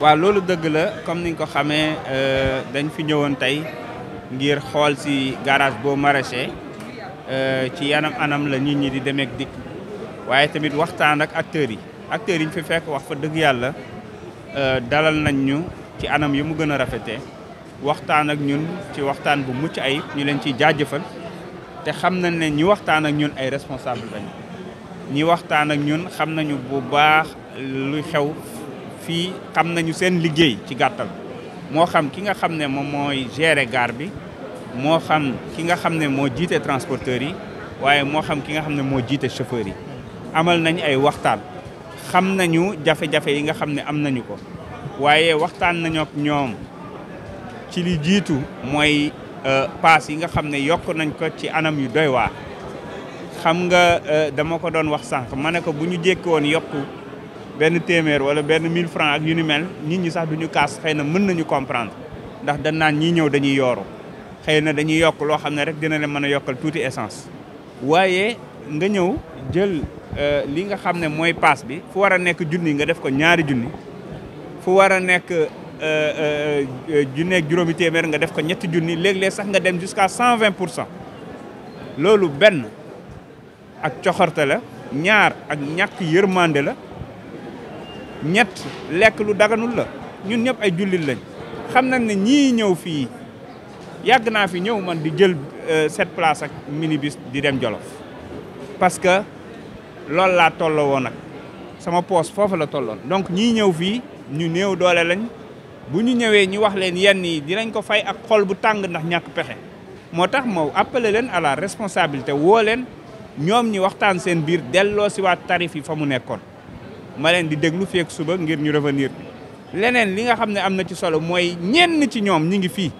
waaw loolu dëgg la comme ni nga ko xamee euh, dañ fi ñëwoon tey ngir xool si garage boo maraîcher euh, ci yanam anam la nit ñi di demeek dikk waaye tamit waxtaan ak acteurs yi acteurs yi ñu fi fekk wax fa dëgg yàlla euh, dalal nañ ñu ci anam yi mu gën a rafetee waxtaan ak ñun ci waxtaan bu mucc ay ñu leen ciy jaajëfal te xam na ne ñi waxtaan ak ñun ay responsable lañu ñi waxtaan ak ñun xam nañu bu baax luy xew fii xam nañu seen liggéey ci gàttal moo xam ki nga xam ne moom mooy gérer gare bi moo xam ki nga xam ne moo jiite transporteurs yi waaye moo xam ki nga xam ne moo jiite chauffeurs yi amal nañu ay waxtaan xam nañu jafe-jafe yi nga xam ne am nañu ko waaye waxtaan nañu ñoom ci li jiitu mooy euh, paas yi nga xam ne yokk nañ ko ci anam yu doy waa xam nga euh, dama ko doon wax sànq ma ne ko bu ñu jékki woon benn téeméer wala benn 1000 francs ak yu ni mel nit ñi sax duñu kaas xëy na mën nañu comprendre ndax dañ naan ñii ñëw dañuy yooru xëy na dañuy yokk loo xam ne rek dina leen mën a yokkal tuuti essence waaye nga ñëw jël euh, li nga xam ne mooy paas bi fu war a nekk junni nga def ko ñaari junni fu war a nekk euh, euh, junni ak juróomi téeméer nga def ko ñetti junni léeg sax nga dem jusqu'à cent vingt pour cent loolu benn ak coxorte la ñaar ak ñàkk yërmande la ñett lekk lu daganul la ñun ñëpp ay jullit lañ xam nañ ne ñii ñëw fii yàgg naa fi ñëw man di jël euh, set place ak minibus di dem Jolof parce que loolu laa tolloo woon nag sama poos foofu la tolloon donc ñii ñëw fii ñu néew doole lañ bu ñu ñëwee ñu wax leen yenn yi dinañ ko fay ak xol bu tàng ndax ñàkk pexe moo tax moo appelé leen à la responsabilité woo leen ñoom ñi waxtaan seen biir delloo si waat tarif yi fa mu nekkoon ma leen di déglu fii ak suba ngir ñu revenir leneen li nga xam ne am na ci solo mooy ñenn ci ñoom ñi ngi fii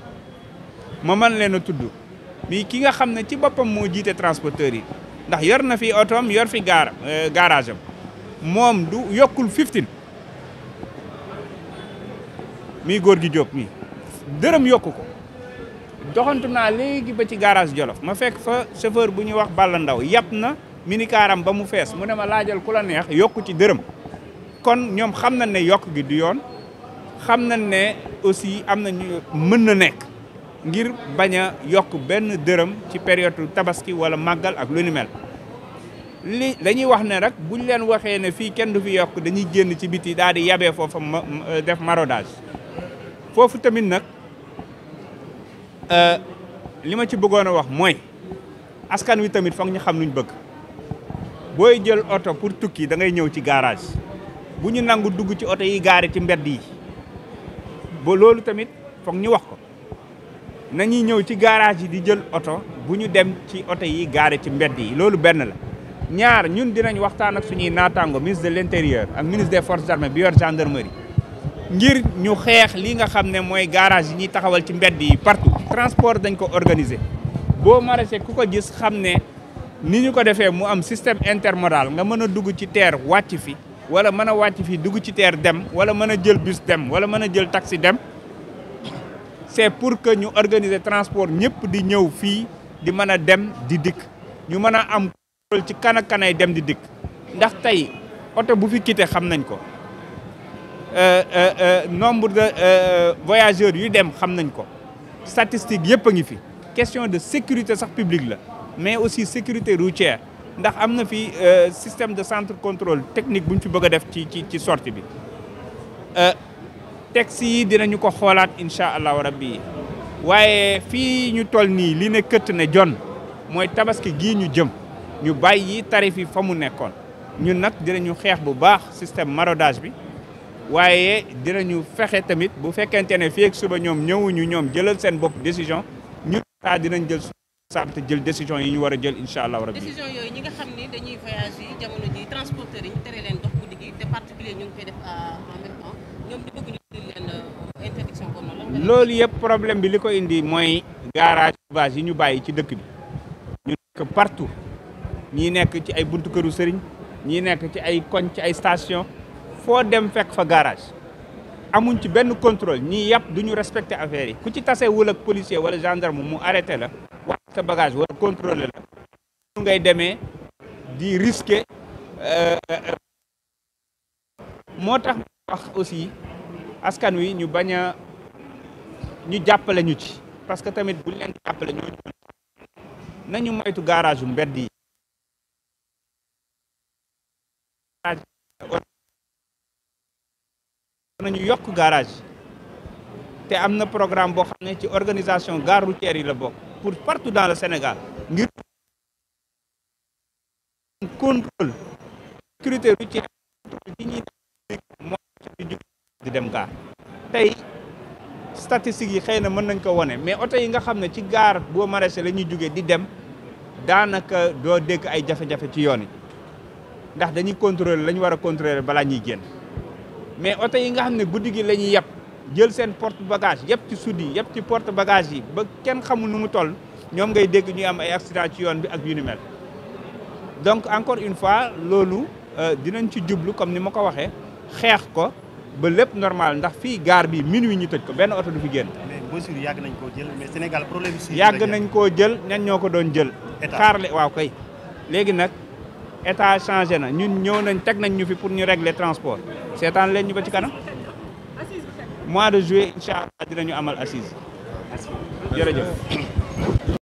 ma man leen a tudd mi ki nga xam ne ci boppam moo jiite transporteurs yi ndax yor na fi otoom yor fi gaara euh, garage moom du yokkul fifteen mi góor gi Diop mi dërëm yokku ko doxantu naa léegi ba ci garage Jolof ma fekk fa chauffeur bu ñuy wax Balla Ndaw yàpp na kaaram ba mu fees mu ne ma laajal ku la neex yokku ci dërëm kon ñoom xam na ne yokk gi du yoon xam nañ ne aussi am na mën na nekk ngir bañ a yokk benn dërëm ci période tabaski wala màggal ak lu ni mel. li dañuy wax ne rek buñ leen waxee ne fii kenn du fi yokk dañuy génn ci biti daal di yabee foofa def maraudage foofu tamit nag euh, li ma ci bëggoon a wax mooy askan wi tamit foog ñu xam luñ bëgg booy jël oto pour tukki da ngay ñëw ci garage. bu ñu nangu dugg ci oto yi gaare ci mbedd yi ba loolu tamit foog ñu wax ko nañuy ñëw ci garage yi di jël oto bu ñu dem ci oto yi gaare ci mbedd yi loolu benn la ñaar ñun dinañu waxtaan ak suñuy naataango ministre de l'intérieur ak ministre de forces armées bi yor gendarmerie ngir ñu xeex lii nga xam ne mooy garage yi ñuy taxawal ci mbedd yi partout transport dañ ko organiser boo maraîcher ku ko gis xam ne ni ñu ko defee mu am système intermodal nga mën a dugg ci terre wàcc fi wala mën a wàcc fii dugg ci teer dem wala mën a jël bus dem wala mën a jël taxi dem c'est pour que ñu organiser transport ñëpp di ñëw fii di mën a dem di dikk ñu mën a am contrôle ci kan ak dem di dikk ndax tey oto bu fi quitté xam nañ ko euh, euh, euh, nombre de voyageurs yu dem xam nañ ko statistique yëpp a fi question de sécurité sax publique la mais aussi sécurité routière ndax am na fi euh, système de centre contrôle technique bu ñu fi bëgg def ci ci ci sortie bi euh, texte yi dinañu ko xoolaat incha allahu rabbi waaye fii ñu toll nii li ne këtt ne jon mooy tabaski gii ñu jëm ñu bàyyi tarif yi fa mu nekkoon ñun nag ñu xeex bu baax système maraudage bi waaye dinañu fexe tamit bu fekkente ne fii ak suba ñoom ñëwuñu ñoom jëlal seen bopp décision ñun dinañ jël sant jël décision yi ñu war a jël incha allah rabbi décision yooyu ñi nga xam ni dañuy voyage yi jamono ji transporteurs yi ñu tere leen dox guddi gi te particulier ñu ngi euh, yëpp problème bi li ko indi mooy garage base yi ñu bàyyi ci dëkk bi ñu nekk partout ñii nekk ci ay buntu këru sëriñ ñii nekk ci ay koñ ci ay station foo dem fekk fa garage amuñ ci benn contrôle ñii yàpp duñu respecté affaire yi ku ci tasee wul ak policier wala gendarme mu arrêté la sa bagage war contrôler la nu ngay demee di risque euh, moo tax wax aussi askan wi ñu bañ a ñu jàppale ñu ci parce que tamit bu leen jàppale ñooñu nañu moytu garage yu mbedd yi nañu yokk garage te am na programme boo xam ne ci organisation gare routière yi la bokk pour partout dans le Sénégal ngir contrôle sécurité routière ci ñuy moo di dem gaar tey statistiques yi xëy na mën nañ ko wone mais oto yi nga xam ne ci gaar boo maraîcher la ñuy jógee di dem daanaka doo dégg ay jafe-jafe ci yoon yi ndax dañuy contrôler la ñu war a contrôler balaa ñuy génn mais oto yi nga xam ne guddi gi la ñuy yàpp jël seen porte bagage yëpp ci sud yi yëpp ci porte bagage yi ba kenn xamul nu mu toll ñoom ngay dégg ñuy am ay accident ci yoon bi ak yu ni mel donc encore une fois loolu euh, dinañ ci jublu comme ni ma ko waxee xeex ko ba lépp normal ndax fii gaar bi minuit ñu tëj ko benn oto du fi génn. mais mesures yàgg nañ koo jël mais Sénégal problème yàgg nañ koo jël ñan ñoo ko doon jël. xaarle waaw koy léegi nag état changé na ñun ñëw nañ teg nañ ñu fi pour ñu régler transport seetaan leen ñu ba ci kanam. mois de juillet incha allah dinañu amal assise jërëjëf